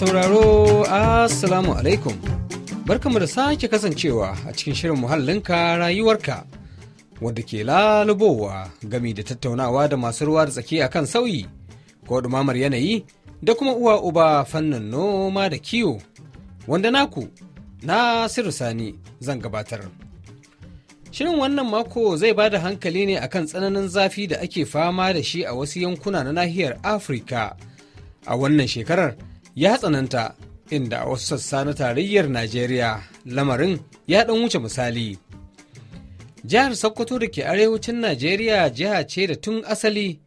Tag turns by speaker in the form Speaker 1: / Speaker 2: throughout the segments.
Speaker 1: sauraro Assalamu alaikum. Barkamu da sake kasancewa a cikin shirin muhallinka rayuwarka wadda ke lalubowa gami da tattaunawa da masu ruwa da tsaki a kan sauyi ko ɗumamar yanayi da kuma uwa uba fannin noma da kiwo wanda naku na Sani zan gabatar. Shirin wannan mako zai ba da hankali ne akan tsananin zafi da ake fama da shi a wasu yankuna na nahiyar Afirka a wannan shekarar. ya tsananta inda a wasu sassa na tarayyar Najeriya lamarin ya ɗan wuce misali. Jihar Sokoto da ke arewacin Najeriya jiha ce da tun asali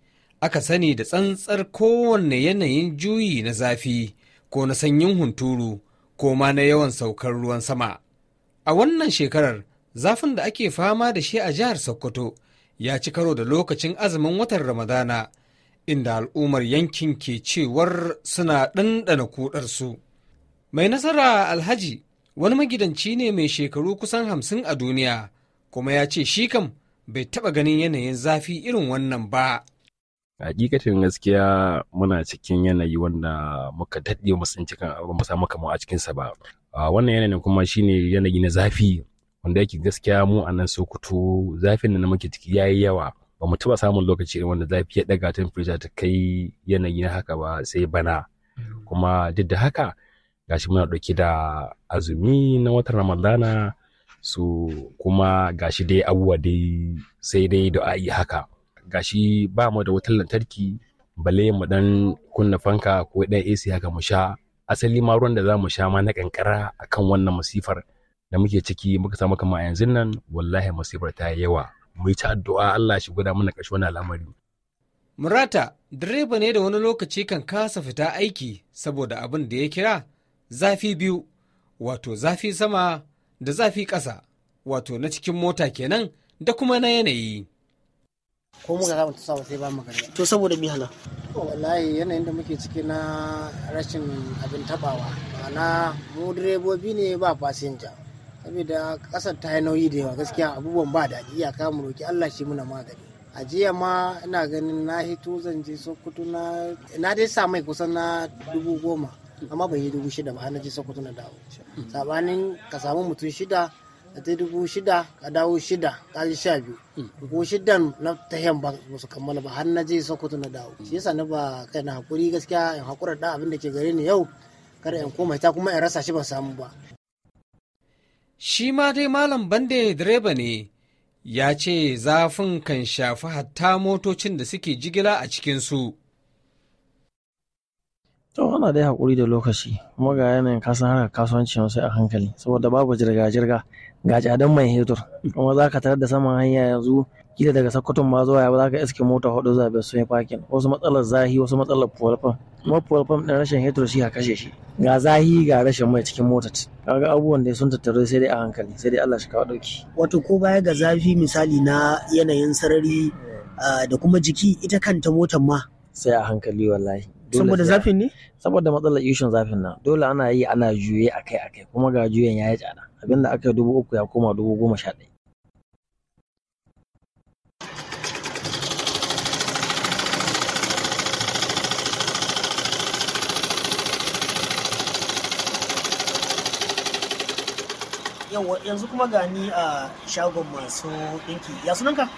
Speaker 1: aka sani da tsantsar kowanne yanayin juyi na zafi ko na sanyin hunturu ko ma na yawan saukar ruwan sama. A wannan shekarar zafin da ake fama da shi a jihar Sokoto ya ci karo da lokacin azumin watan Ramadana inda al'ummar yankin ke cewar suna ɗanɗana kudarsu. Mai nasara Alhaji wani magidanci ne mai shekaru kusan hamsin a duniya, kuma ya ce shi kam bai taɓa ganin yanayin zafi irin wannan ba.
Speaker 2: hakikatin gaskiya muna cikin yanayi wanda muka daɗe mu mu a cikinsa ba wannan yanayin kuma shi ne yanayi na zafi wanda yake gaskiya mu a nan sokoto zafin da muke ciki ya yi yawa ba mu taɓa samun lokaci irin wanda zafi ya ɗaga temperature ta kai yanayi na haka ba sai bana mm. kuma duk da haka gashi muna ɗauki da azumi na watan ramadana su kuma gashi dai abubuwa dai sai dai da da'a'i haka gashi ba mu da wutar lantarki bale mu dan kunna fanka ko dan AC haka mu sha asali ma ruwan da za mu sha ma na kankara akan wannan masifar da muke ciki muka samu kama yanzu nan wallahi masifar ta yi yawa mu yi ta addu'a Allah shi guda mana ƙarshe wani al'amari.
Speaker 1: Murata direba ne da wani lokaci kan kasa fita aiki saboda abin da ya kira zafi biyu wato zafi sama da zafi ƙasa wato na cikin mota kenan da kuma na yanayi.
Speaker 3: ko muka za ta tusa sai ba mu karya
Speaker 4: to saboda
Speaker 1: mi hala
Speaker 3: wallahi yanayin da muke ciki na rashin abin tabawa ma'ana mu direbobi ne ba fasinja saboda kasar ta yi nauyi da yawa gaskiya abubuwan ba daɗi iyaka mu roki Allah shi muna magani a jiya ma ina ganin na hito zan je sokoto na na dai sa mai kusan na dubu goma amma ban yi dubu shida ba na je sokoto na dawo sabanin ka samu mutum shida ka ta dubu shida ka dawo shida ka ji sha biyu ko shidan na ta ba su kammala ba har na je sokoto na dawo shi yasa na ba kai na hakuri gaskiya in hakura da abin da ke gare ni yau kada in koma ita kuma in rasa shi ban samu ba
Speaker 1: shi ma dai malam bande direba ne ya ce zafin kan shafi hatta motocin da suke jigila a cikinsu.
Speaker 5: to ana dai haƙuri da lokaci kuma ga yanayin kasan harkar kasuwanci wasu a hankali saboda babu jirga-jirga ga jadon mai hetur kuma za ka tarar da saman hanya yanzu kila daga sakkwaton ma zuwa ba za ka iske mota hudu zabe sun yi fakin wasu matsalar zahi wasu matsalar fuel pump kuma fuel din rashin hetero shi ya kashe shi ga zahi ga rashin mai cikin motar kaga abubuwan da sun tattaro sai dai a hankali sai dai Allah shi kawo dauki
Speaker 4: wato ko baya ga zafi misali na yanayin sarari
Speaker 5: ah, da kuma jiki ita kanta motar ma sai a hankali wallahi saboda zafin ne saboda matsalar ishin zafin nan dole ana yi ana juye akai akai kuma ga juyen ya yi tsada abinda aka dubu uku ya koma dubu goma sha ɗaya
Speaker 4: yawa yanzu kuma gani a shagon masu ɗinki ya sunanka?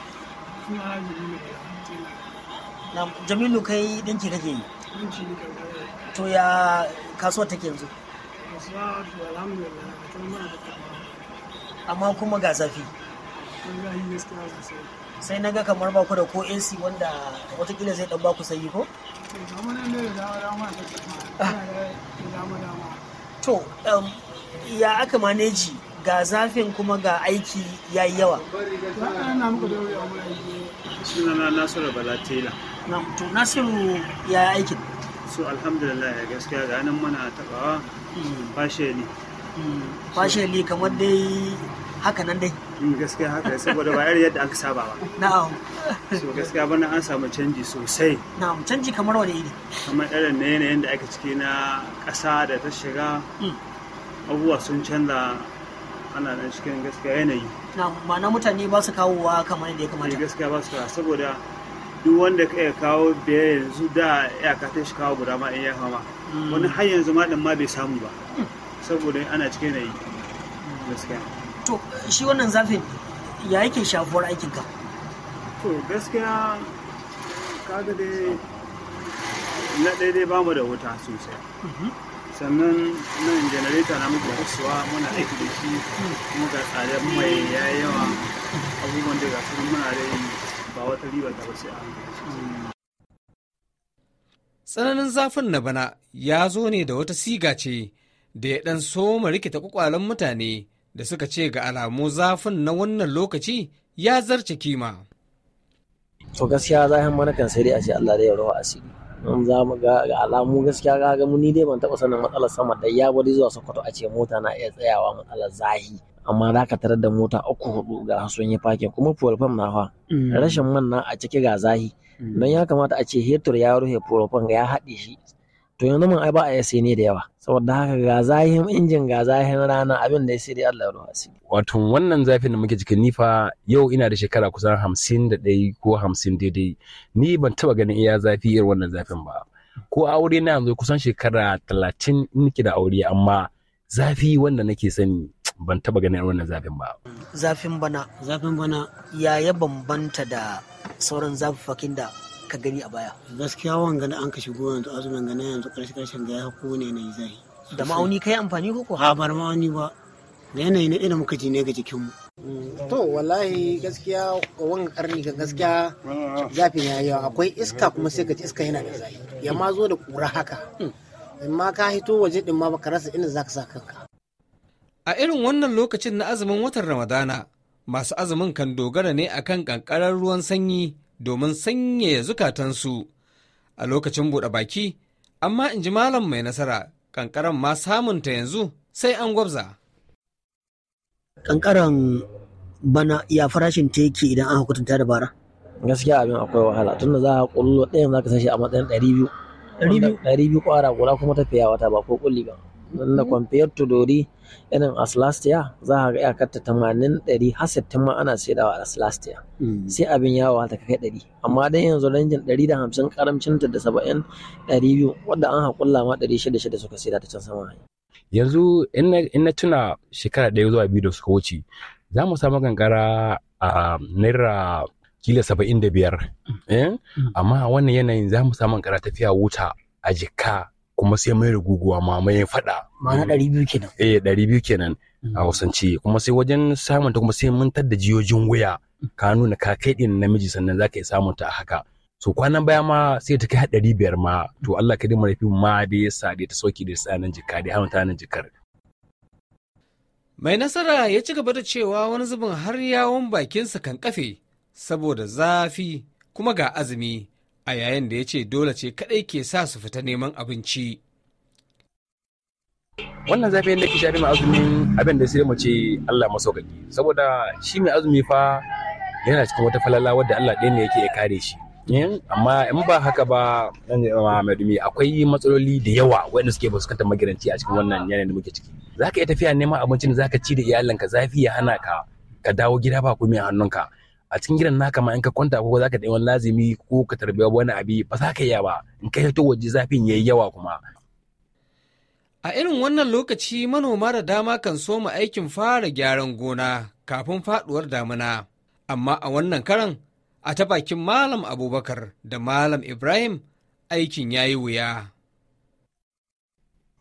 Speaker 4: na jamilu kai ɗinki kake yi to ya kasuwar take yanzu amma kuma ga zafi sai na ga kamar ba ku da ko ac wanda watakila zai dan baku sanyi ko? to ah. um, ya aka maneji ga zafin kuma ga aiki ya yi yawa
Speaker 6: Na nasiru bala tela
Speaker 4: to nasiru
Speaker 6: ya yi aikin so alhamdulillah ya gaskiya ga nan mana tabawa fashe hmm. ne fashe hmm. ne kamar dai haka nan dai hmm, gaskiya haka saboda ba yar yadda aka saba ba na'am so gaskiya bana an samu canji sosai na'am canji kamar wani iri kamar irin na yanayin da aka ciki na ƙasa da ta shiga abubuwa sun canza ana nan cikin gaskiya yanayi na ma'ana mutane ba su kawowa kamar yadda ya eh, kamata gaskiya ba su kawo saboda duk wanda ka iya kawo biyar yanzu da ya kata shi kawo guda ma in ya hama. Hmm. wani har yanzu ma din ma bai samu ba hmm. saboda ana cikin yanayi hmm. gaskiya
Speaker 4: to shi wannan zafin ya yake shafuwar aikinka
Speaker 6: to gaskiya kaga dai na daidai ba mu da wuta sosai sannan nan janareta na muku kusurwa muna aiki da shi kuma ga mai ya yawa abubuwan da gasu muna da yi ba wata riba da wasu a
Speaker 1: tsananin zafin na bana ya zo ne da wata siga ce da ya ɗan soma rikita kwakwalen mutane da suka ce ga alamu zafin na wannan lokaci ya zarce kima.
Speaker 5: to gaskiya zafin manakan sai dai a ce allah da ya rawa asiri in ga alamu gaskiya ga ga ni dai ban taba sanin matsalar sama da ya bari zuwa Sokoto a ce mota na iya tsayawa matsalar zahi amma za ka tarar da mota uku hudu ga sun yi fakin kuma furfan na fa mm. rashin man na a ciki ga zahi mm. don ya kamata a ce hetur ya rufe furfan ya haɗe shi to yanzu mun ai ba a iya sai ne da yawa saboda haka ga zahin injin ga zahin rana abin da ya sai dai Allah
Speaker 2: ya ruwa asiri wato wannan zafin da muke cikin nifa yau ina da shekara kusan hamsin da ɗaya ko hamsin daidai ni ban taba ganin iya zafi irin wannan zafin ba ko aure na yanzu kusan shekara talatin nake da aure amma zafi wanda nake sani ban taba ganin wannan zafin ba
Speaker 4: zafin bana zafin bana yaya bambanta da sauran zafafakin da ka gani a baya
Speaker 3: gaskiya gani an ka shigo yanzu azumin gani yanzu karshe karshen ga ya ne na zai da ma'auni
Speaker 4: kai amfani ko ha bar ma'auni ba da
Speaker 3: yanayi na ina muka ji ne ga jikinmu mm, to wallahi gaskiya wanga karni ga gaskiya zafi ya yawa akwai iska kuma sai ka ci iska yana da zai ya ma zo da kura haka mm. in ma ka hito waje din ma baka rasa inda zaka sa kanka
Speaker 1: a irin wannan lokacin na azumin watan ramadana masu azumin kan dogara ne akan kankarar ruwan sanyi domin sanyaya zukatansu a lokacin buɗe baki, amma in ji malam mai nasara ƙanƙaran ma samunta yanzu sai an gwabza.
Speaker 4: Ƙanƙaran bana ya farashin ta yake idan an hukunta da bara?
Speaker 5: Gaskiya abin akwai wahala tunda za a kullo ɗayan za ka san a matsayin ɗari biyu. Ɗari biyu? Ɗari biyu ƙwara guda kuma tafiya wata ba ko ƙulli ba. don na mm-hmm. kwamfiyar tudori irin as za a ga iyakar ta tamanin ɗari har sittin ma ana saidawa a last mm. sai abin yawa ta kai ɗari amma dan yanzu ranjin ɗari da hamsin karamcin ta da saba'in ɗari biyu wadda an haƙulla ma ɗari shida shida suka saida ta can sama
Speaker 2: yanzu in na tuna shekara ɗaya zuwa biyu da suka wuce za mu samu gangara a naira kila saba'in da biyar mm. Eh? Mm. amma wannan yanayin za mu samu gangara tafiya wuta a jika kuma sai mai ruguguwa ma mai fada ma'ana ɗari biyu kenan eh ɗari biyu kenan mm. a hausance kuma sai wajen samun ta kuma sai mun da jiyojin wuya ka nuna ka kai ɗin namiji sannan za ka iya samun ta a haka so kwanan baya ma sai ta kai ɗari biyar ma to Allah ka dima rafi ma da ya sa ta sauki da tsanan jika da hannun tsanan jikar.
Speaker 1: Mai nasara ya ci gaba da cewa wani zubin har yawon bakinsa kan kafe saboda zafi kuma ga azumi a yayin da ya ce dole ce kaɗai ke sa su fita neman abinci.
Speaker 2: Wannan zafi yadda ke shafi mai azumi abin da sai mu ce Allah masaukaki saboda shi mai azumi fa yana cikin wata falala wadda Allah ɗaya ne yake ya kare shi. amma in ba haka ba madumi akwai matsaloli da yawa wanda suke fuskantar magiranci a cikin wannan yanayin da muke ciki za ka iya tafiya neman abincin da za ka ci da iyalinka zafi ya hana ka ka dawo gida ba kuma hannunka a cikin gidan naka ma in ka kwanta ko ka da wani lazimi ko ka tarbiya wani abi ba za ka iya ba in ka fito waje zafin yayi yawa kuma
Speaker 1: a irin wannan lokaci manoma da dama kan soma aikin fara gyaran gona kafin faduwar damina amma a wannan karan a ta bakin malam abubakar da malam ibrahim aikin yayi wuya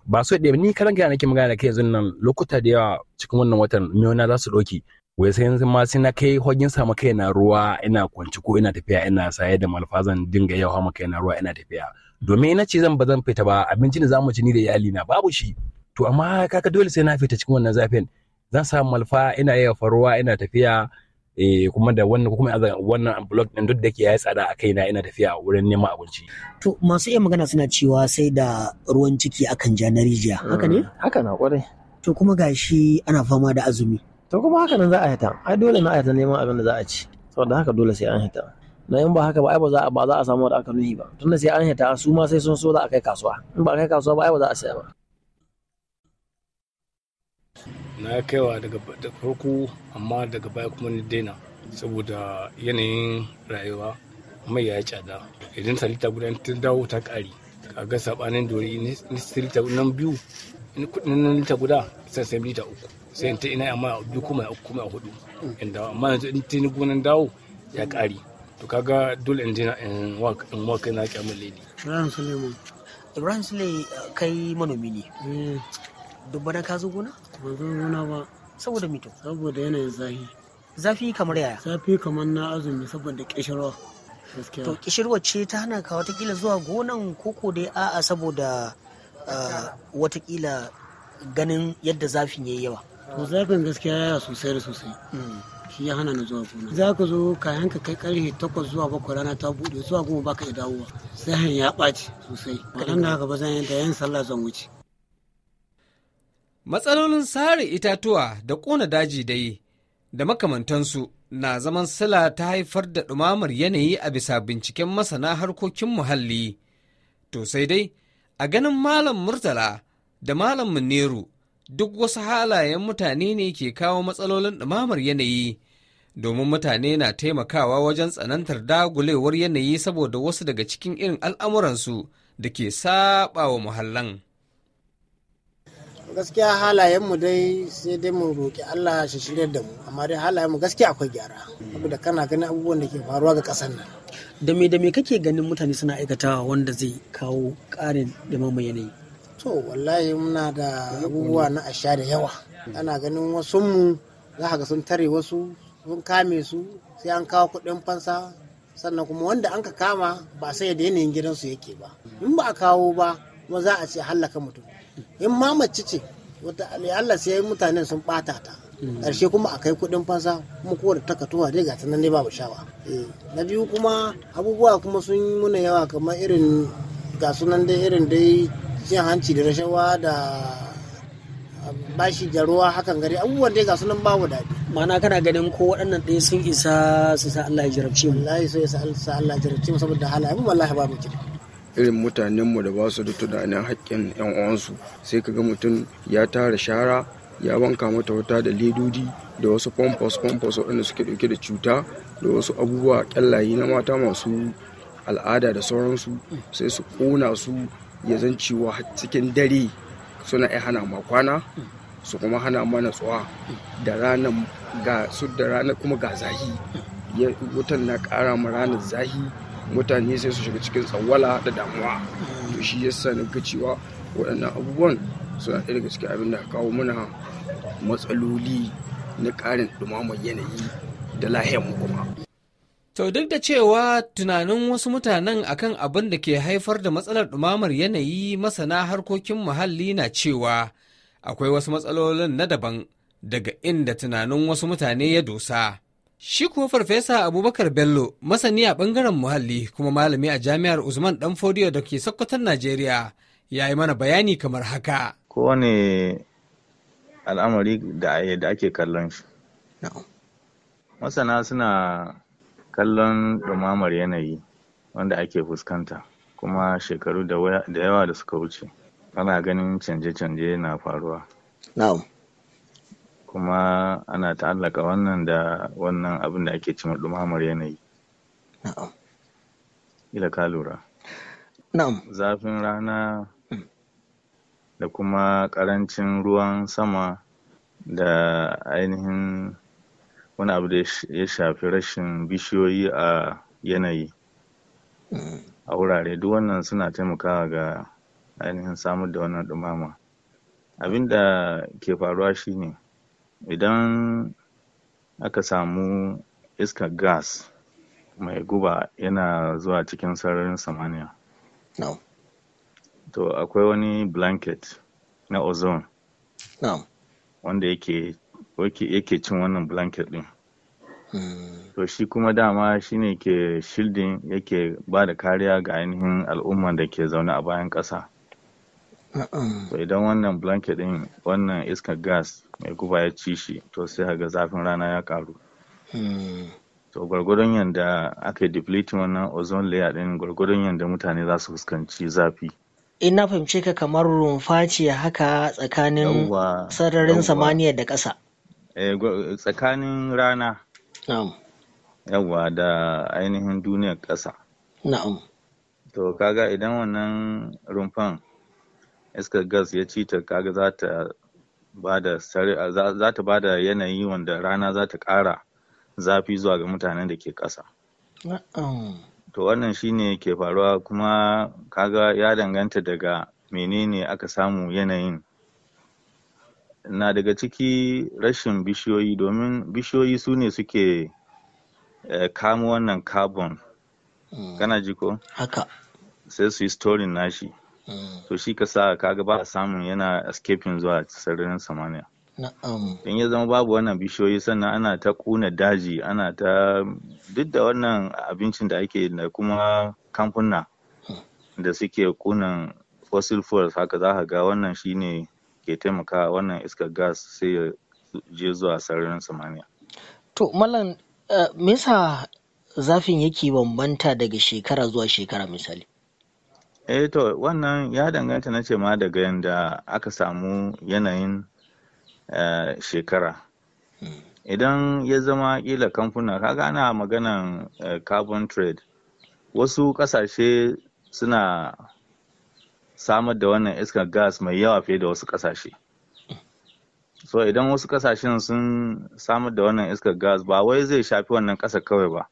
Speaker 2: ba so ɗaya ni karan gana nake magana da kai yanzu nan lokuta da yawa cikin wannan watan miyona za su ɗauki wai sai yanzu ma sai na kai hogin sa maka yana ruwa ina kwanci ko ina tafiya ina saye da malfazan dinga yau maka yana ruwa ina tafiya domin ina ce zan ba zan fita ba abinci ne zamu ci ni da iyali na babu shi to amma kaka dole sai na fita cikin wannan zafin zan samu malfa ina yau faruwa ina tafiya eh kuma da wannan kuma wannan blog din duk da ke yayi tsada a kaina ina tafiya wurin neman abinci.
Speaker 4: To masu iya magana suna cewa sai da
Speaker 5: ruwan ciki akan ja na rijiya haka ne? Mm, haka na kwarai. To kuma gashi ana fama da azumi. to kuma haka nan za a hita ai dole na a neman abin da za a ci saboda haka dole sai an hita na yin ba haka ba ai ba za a ba za a samu da aka nuhi ba tunda sai an hita su ma sai sun so za a kai kasuwa in ba kai kasuwa ba ai ba za a saya ba
Speaker 2: na kaiwa daga farko amma daga baya kuma ni daina saboda yanayin rayuwa mai ya tsada idan salita guda ta dawo ta kari kaga sabanin dori ni salita nan biyu ni kudin nan lita guda sai sai lita uku sai ta ina amma biyu kuma ya kuma hudu in dawo amma in ta ni gonan dawo ya kari to kaga dole in jina in waka in work na kyamun lady
Speaker 4: Ibrahim Suleiman Ibrahim Sule kai manomi ne eh. dubbana ka zo gona ba zo gona ba saboda mito saboda yanayin zafi zafi kamar yaya zafi kamar na azumi saboda kishirwa to kishirwa ce ta hana ka watakila zuwa gonan koko dai a'a saboda ah, watakila ganin yadda zafin yayi yawa to zafin
Speaker 3: gaskiya ya sosai da sosai shi ya hana na zuwa gona za ka zo kayan ka kai karfe takwas zuwa bakwai rana ta buɗe zuwa goma ka yi dawowa zahin ya ɓaci sosai kaɗan da haka ba zan yi da
Speaker 1: yan sallah zan wuce matsalolin sare itatuwa da ƙona daji dai da makamantansu na zaman sila ta haifar da ɗumamar yanayi a bisa binciken masana harkokin muhalli to sai dai a ganin malam murtala da malam muneru duk wasu halayen mutane ne ke kawo matsalolin ɗumamar yanayi domin mutane na taimakawa wajen tsanantar dagulewar yanayi saboda wasu daga cikin irin al'amuransu da ke saɓawa muhallan.
Speaker 3: gaskiya halayenmu dai sai dai mu roƙi Allah shi shirya da mu amma dai halayenmu gaskiya akwai gyara saboda kana ganin abubuwan da ke faruwa ga ƙasar
Speaker 4: nan da me da me kake ganin mutane suna aikatawa wanda zai kawo ƙarin dumamar yanayi
Speaker 3: to wallahi muna da abubuwa na asha da yawa ana ganin wasu mu za ka sun tare wasu sun kame su sai an kawo kuɗin fansa sannan kuma wanda an ka kama ba sai da yanayin gidansu yake ba in ba a kawo ba kuma za a ce hallaka mutum in ma mace ce wata Allah sai mutanen sun bata ta ƙarshe kuma a kai kuɗin fansa kuma da takatuwa dai gata nan ne babu shawa eh, na biyu kuma abubuwa kuma sun muna yawa kamar irin ga sunan dai irin dai cin hanci da rashawa da bashi da ruwa hakan gari abubuwan dai ga
Speaker 4: sunan babu daɗi mana kana ganin ko waɗannan ɗaya sun isa su sa Allah ya jarabce mu wallahi so ya sa Allah ya jarabce mu saboda halaye mu wallahi ba mu kira
Speaker 2: irin mutanen mu da ba su da tunanin haƙƙin ƴan uwansu sai kaga mutum ya tara shara ya wanka mata wata da ledodi da wasu pompos pompos waɗanda suke ɗauke da cuta da wasu abubuwa ƙyallaye na mata masu al'ada da sauransu sai su ƙona su ya zan cewa cikin dare suna ya hana ma kwana su kuma hana ma natsuwa da ranar ga su da ranar kuma ga zahi wutan na ƙara ma ranar zahi mutane sai su shiga cikin tsawala da damuwa to shi yasa na ga cewa waɗannan abubuwan suna ɗaya daga cikin abin da kawo mana matsaloli na ƙarin ɗumamar yanayi da lahiyar mu kuma To duk da
Speaker 1: cewa tunanin wasu mutanen akan abin da ke haifar da matsalar ɗumamar yanayi masana harkokin muhalli na cewa akwai wasu matsalolin na daban daga inda tunanin wasu mutane ya dosa. Shi kuwa Farfesa Abubakar Bello masani a ɓangaren muhalli kuma malami a jami'ar Usman fodiyo da ke Sokoton Najeriya ya yi mana bayani kamar haka.
Speaker 7: Kowane al'amari da ake kallon shi. Masana suna kallon ɗumamar yanayi wanda ake fuskanta kuma shekaru da yawa da suka wuce ana ganin canje-canje na faruwa kuma ana ta'allaka wannan da wannan abin da ake cima ɗumamar yanayi na'am ka lura zafin rana mm. da kuma ƙarancin ruwan sama da ainihin wani abu da ya shafi rashin bishiyoyi a yanayi a wurare duk wannan suna taimakawa ga ainihin samar da wannan ɗumama abin da ke faruwa shine idan aka samu iskar gas mai guba yana zuwa cikin sararin samaniya to akwai wani blanket na ozone wanda yake yake cin wannan blanket din hmm. to shi kuma dama shine ke shielding yake ba da kariya ga ainihin al'umma da ke zaune a bayan ƙasa to idan wannan blanket din wannan iskar gas mai guba ya ci shi to sai ga zafin rana ya karu hmm. to gwargwadon yadda aka depleting wannan ozone layer din gwargwadon yadda mutane za su fuskanci zafi
Speaker 4: ina eh, fahimceka fahimce ka kamar rumfa ce haka tsakanin sararin samaniya da ƙasa
Speaker 7: Eh, tsakanin rana na'am yawa da ainihin duniyar ƙasa na'am to kaga idan wannan rumfan iska gas ya ci ta kaga za ta bada za ta bada yanayi wanda rana za ta ƙara zafi zuwa ga mutanen da ke ƙasa to wannan shine ke faruwa kuma kaga ya danganta daga menene aka samu yanayin na daga ciki rashin bishiyoyi domin bishiyoyi su ne suke eh, kamo wannan carbon mm. kana ji ko haka sai su yi storin nashi mm. to shi ka sa kaga ba a samun yana escaping zuwa sararin samaniya in ya zama babu wannan bishiyoyi sannan ana ta kuna daji ana ta duk da wannan abincin da ake da kuma kamfuna mm. da suke kunan fossil fuels haka za ka ga wannan shine ke taimaka wannan iskar gas sai ya je zuwa sararin samaniya
Speaker 4: to malam eh, me zafin yake bambanta daga shekara zuwa shekara misali
Speaker 7: eh to wannan ya danganta na ce ma daga yadda aka samu yanayin eh, shekara hmm. idan ya zama ƙila kamfuna kaga ana maganan eh, carbon trade wasu ƙasashe suna samar da wannan iskar gas mai yawa fiye da wasu kasashe so idan wasu kasashen sun samar da wannan iskar gas ba wai zai shafi wannan ƙasa kawai ba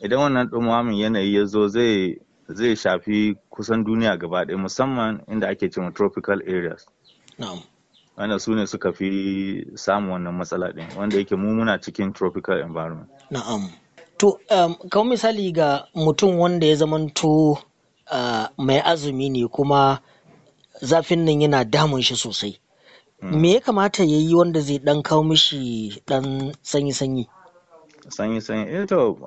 Speaker 7: idan wannan ɗumamin yanayi ya zo zai shafi kusan duniya gaba ɗaya musamman inda ake cewa tropical areas wanda su ne suka fi samun wannan matsala ɗin wanda yake mu muna cikin tropical environment na'am
Speaker 4: to um, misali ga mutum wanda ya zamanto mai azumi ne kuma zafin nan yana damun shi sosai hmm. me ya kamata ya yi wanda zai dan kawo mishi dan sanyi-sanyi
Speaker 7: sanyi-sanyi eh to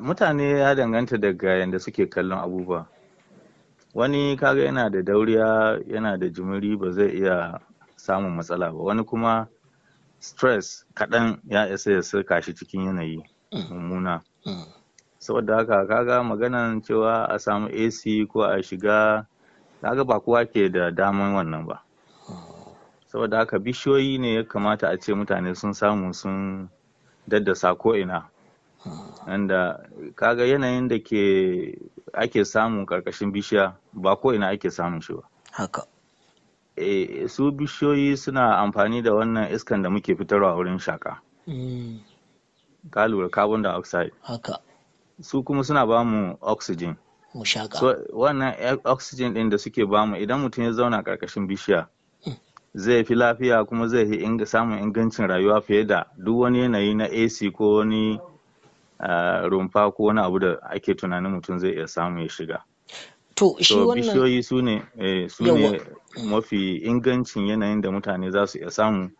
Speaker 7: mutane ya danganta daga yadda suke kallon abubuwa wani kaga yana da dauriya yana da jimiri ba zai iya samun matsala ba wani kuma stress kaɗan ya isa ya sirka shi cikin yanayi hmm. mummuna hmm. saboda haka kaga maganan cewa a samu ac ko a shiga kaga ba kowa ke da daman wannan ba saboda haka bishiyoyi ne ya kamata a ce mutane sun samu sun daddasa ko'ina inda kaga yanayin da ke ake samun karkashin bishiya ba ko'ina ake samun shi ba haka e, su bishiyoyi suna amfani da wannan iskan da muke fitarwa wurin shaka mm. ka lura carbon dioxide haka su kuma suna ba mu oxygen so, wannan e, oxygen din da suke ba mu idan mutum ya zauna karkashin bishiya hmm. zai fi lafiya kuma zai fi samun ingancin rayuwa fiye da duk wani yanayi na ac ko wani rumfa ko wani abu da ake tunanin mutum zai iya samu ya shiga to shi wannan bishiyoyi su ne e, mafi ingancin yanayin da mutane za su iya samu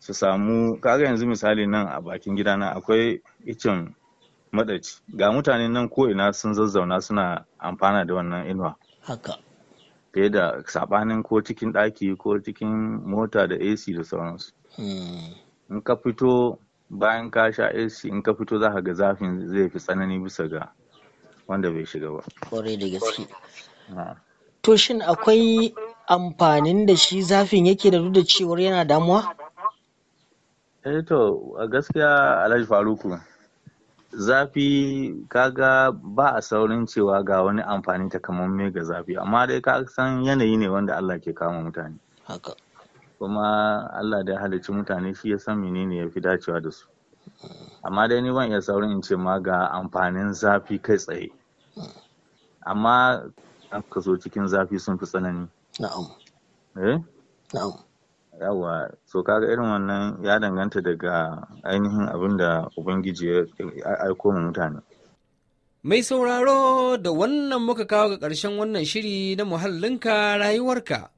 Speaker 7: su samu kaga yanzu misali nan a bakin gidana akwai icin maɗaci ga mutane nan ko ina sun zazzauna suna amfana da wannan inuwa haka fiye da sabanin ko cikin ɗaki ko cikin mota da ac da sauransu hmm. in ka fito bayan ka sha ac in ka fito za ga zafin zai fi tsanani bisa ga wanda bai shiga ba kwarai da gaske ah.
Speaker 4: to shin akwai amfanin da shi zafin yake da duk da cewar yana damuwa
Speaker 7: eh to gaskiya alhaji faruku zafi kaga ba a saurin cewa ga wani amfani ta kamar ga zafi amma dai ka san yanayi ne wanda Allah ke kama mutane haka kuma Allah da ya halicci mutane shi ya san menene ya fi dacewa da su amma dai ni ban iya saurin in ce ma ga amfanin zafi kai tsaye amma ka so cikin zafi sun fi tsanani na'am eh na'am yawa so kaga irin wannan ya danganta daga ainihin abin da ubangiji ya aiko mu mutane
Speaker 1: mai sauraro da wannan muka kawo ga ƙarshen wannan shiri na muhallinka rayuwarka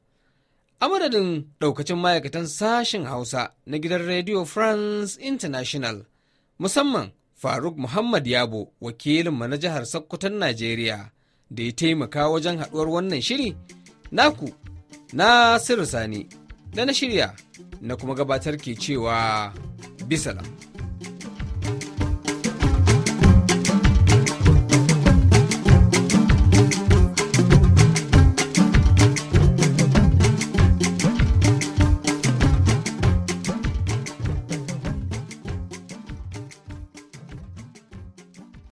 Speaker 1: a madadin ɗaukacin ma'aikatan sashen hausa na gidan radio france international musamman faruk muhammad yabo wakilin ma na jihar sokoton najeriya da ya taimaka wajen haɗuwar wannan shiri naku nasiru sani da na shirya na kuma gabatar ke cewa bisala.